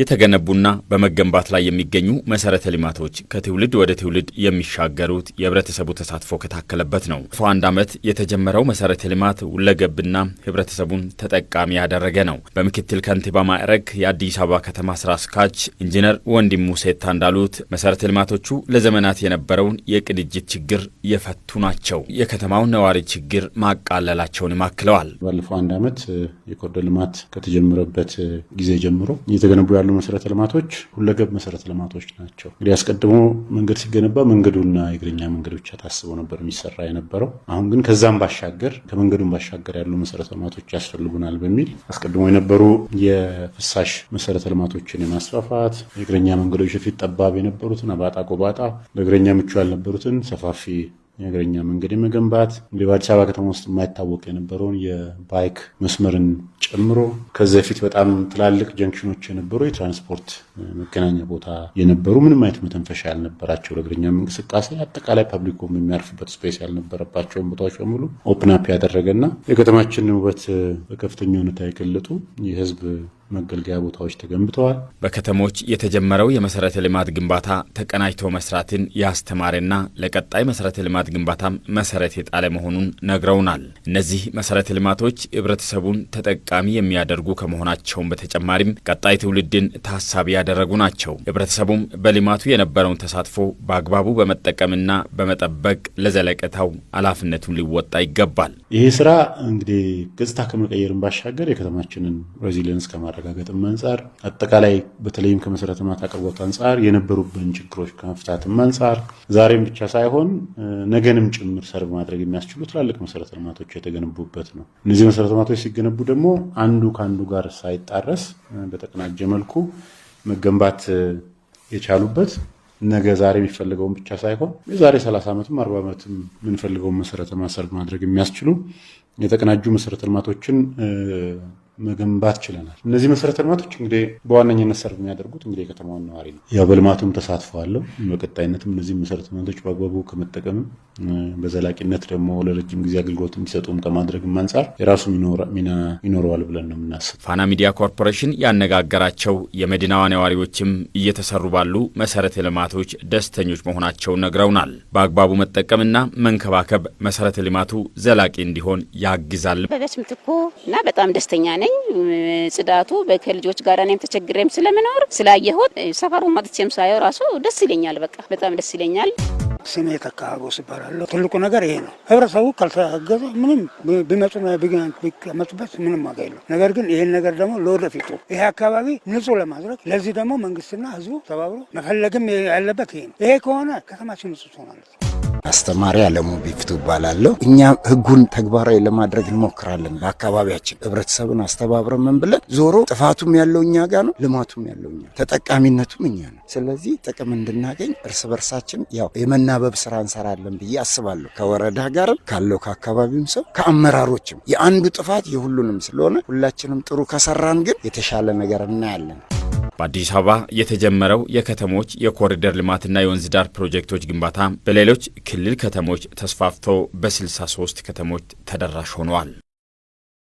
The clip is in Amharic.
የተገነቡና በመገንባት ላይ የሚገኙ መሰረተ ልማቶች ከትውልድ ወደ ትውልድ የሚሻገሩት የህብረተሰቡ ተሳትፎ ከታከለበት ነው። ፎ አንድ ዓመት የተጀመረው መሰረተ ልማት ሁለገብና ህብረተሰቡን ተጠቃሚ ያደረገ ነው። በምክትል ከንቲባ ማዕረግ የአዲስ አበባ ከተማ ስራ አስኪያጅ ኢንጂነር ወንድሙ ሴታ እንዳሉት መሰረተ ልማቶቹ ለዘመናት የነበረውን የቅንጅት ችግር የፈቱ ናቸው። የከተማውን ነዋሪ ችግር ማቃለላቸውን አክለዋል። ባለፈው አንድ ዓመት የኮሪደር ልማት ከተጀመረበት ጊዜ ጀምሮ እየተገነቡ ያሉ ያሉ መሰረተ ልማቶች ሁለገብ መሰረተ ልማቶች ናቸው። እንግዲህ አስቀድሞ መንገድ ሲገነባ መንገዱና የእግረኛ መንገድ ብቻ ታስቦ ነበር የሚሰራ የነበረው። አሁን ግን ከዛም ባሻገር ከመንገዱን ባሻገር ያሉ መሰረተ ልማቶች ያስፈልጉናል በሚል አስቀድሞ የነበሩ የፍሳሽ መሰረተ ልማቶችን የማስፋፋት የእግረኛ መንገዶች በፊት ጠባብ የነበሩትን አባጣ ቆባጣ ለእግረኛ ምቹ ያልነበሩትን ሰፋፊ የእግረኛ መንገድ የመገንባት በአዲስ አበባ ከተማ ውስጥ የማይታወቅ የነበረውን የባይክ መስመርን ጨምሮ ከዚህ በፊት በጣም ትላልቅ ጀንክሽኖች የነበሩ የትራንስፖርት መገናኛ ቦታ የነበሩ ምንም አይነት መተንፈሻ ያልነበራቸው ለእግረኛ እንቅስቃሴ አጠቃላይ ፐብሊኩም የሚያርፍበት ስፔስ ያልነበረባቸውን ቦታዎች በሙሉ ኦፕን አፕ ያደረገና የከተማችንን ውበት በከፍተኛ ሁኔታ የገለጡ የህዝብ መገልገያ ቦታዎች ተገንብተዋል። በከተሞች የተጀመረው የመሰረተ ልማት ግንባታ ተቀናጅቶ መስራትን ያስተማረና ለቀጣይ መሰረተ ልማት ግንባታም መሰረት የጣለ መሆኑን ነግረውናል። እነዚህ መሰረተ ልማቶች ህብረተሰቡን ተጠቃሚ የሚያደርጉ ከመሆናቸውም በተጨማሪም ቀጣይ ትውልድን ታሳቢ ያደረጉ ናቸው። ህብረተሰቡም በልማቱ የነበረውን ተሳትፎ በአግባቡ በመጠቀምና በመጠበቅ ለዘለቀታው ኃላፊነቱን ሊወጣ ይገባል። ይህ ስራ እንግዲህ ገጽታ ከመቀየርን ባሻገር የከተማችንን ሬዚሊየንስ ከማረ ከማረጋገጥም አንጻር አጠቃላይ በተለይም ከመሰረተ ልማት አቅርቦት አንጻር የነበሩብን ችግሮች ከመፍታትም አንጻር ዛሬም ብቻ ሳይሆን ነገንም ጭምር ሰርብ ማድረግ የሚያስችሉ ትላልቅ መሰረተ ልማቶች የተገነቡበት ነው። እነዚህ መሰረተ ልማቶች ሲገነቡ ደግሞ አንዱ ከአንዱ ጋር ሳይጣረስ በተቀናጀ መልኩ መገንባት የቻሉበት ነገ ዛሬ የሚፈልገውን ብቻ ሳይሆን የዛሬ 30 ዓመትም 40 ዓመትም የምንፈልገውን መሰረተ ልማት ማድረግ የሚያስችሉ የተቀናጁ መሰረተ ልማቶችን መገንባት ችለናል። እነዚህ መሰረተ ልማቶች እንግዲህ በዋነኝነት ሰርቭ የሚያደርጉት እንግዲህ የከተማውን ነዋሪ ነው። ያው በልማቱም ተሳትፈዋለሁ። በቀጣይነትም እነዚህ መሰረተ ልማቶች በአግባቡ ከመጠቀምም በዘላቂነት ደግሞ ለረጅም ጊዜ አገልግሎት እንዲሰጡም ከማድረግም አንጻር የራሱ ሚና ይኖረዋል ብለን ነው የምናስብ። ፋና ሚዲያ ኮርፖሬሽን ያነጋገራቸው የመዲናዋ ነዋሪዎችም እየተሰሩ ባሉ መሰረተ ልማቶች ደስተኞች መሆናቸውን ነግረውናል። በአግባቡ መጠቀምና መንከባከብ መሰረተ ልማቱ ዘላቂ እንዲሆን ያግዛል። በበስ እና በጣም ደስተኛ ነኝ። ነኝ። ጽዳቱ ከልጆች ጋር እኔም ተቸግሬም ስለምኖር ስላየሁት ሰፈሩ መጥቼም ሳየው ራሱ ደስ ይለኛል። በቃ በጣም ደስ ይለኛል። ስሜ ተካሃጎስ ይባላለሁ። ትልቁ ነገር ይሄ ነው። ህብረተሰቡ ካልተገዘ ምንም ቢመጡ ቢቀመጡበት ምንም ዋጋ የለው። ነገር ግን ይህን ነገር ደግሞ ለወደፊቱ ይሄ አካባቢ ንጹህ ለማድረግ ለዚህ ደግሞ መንግስትና ህዝቡ ተባብሮ መፈለግም ያለበት ይሄ ነው። ይሄ ከሆነ ከተማችን ንጹህ ትሆናለች። አስተማሪ አለሙ ቢፍቱ እባላለሁ። እኛ ህጉን ተግባራዊ ለማድረግ እንሞክራለን። በአካባቢያችን ህብረተሰብን አስተባብረን ምን ብለን ዞሮ ጥፋቱም ያለው እኛ ጋር ነው፣ ልማቱም ያለው እኛ፣ ተጠቃሚነቱም እኛ ነው። ስለዚህ ጥቅም እንድናገኝ እርስ በርሳችን ያው የመናበብ ስራ እንሰራለን ብዬ አስባለሁ። ከወረዳ ጋርም ካለው ከአካባቢውም ሰው ከአመራሮችም የአንዱ ጥፋት የሁሉንም ስለሆነ ሁላችንም ጥሩ ከሰራን ግን የተሻለ ነገር እናያለን። በአዲስ አበባ የተጀመረው የከተሞች የኮሪደር ልማትና የወንዝ ዳር ፕሮጀክቶች ግንባታ በሌሎች ክልል ከተሞች ተስፋፍቶ በ63 ከተሞች ተደራሽ ሆኗል።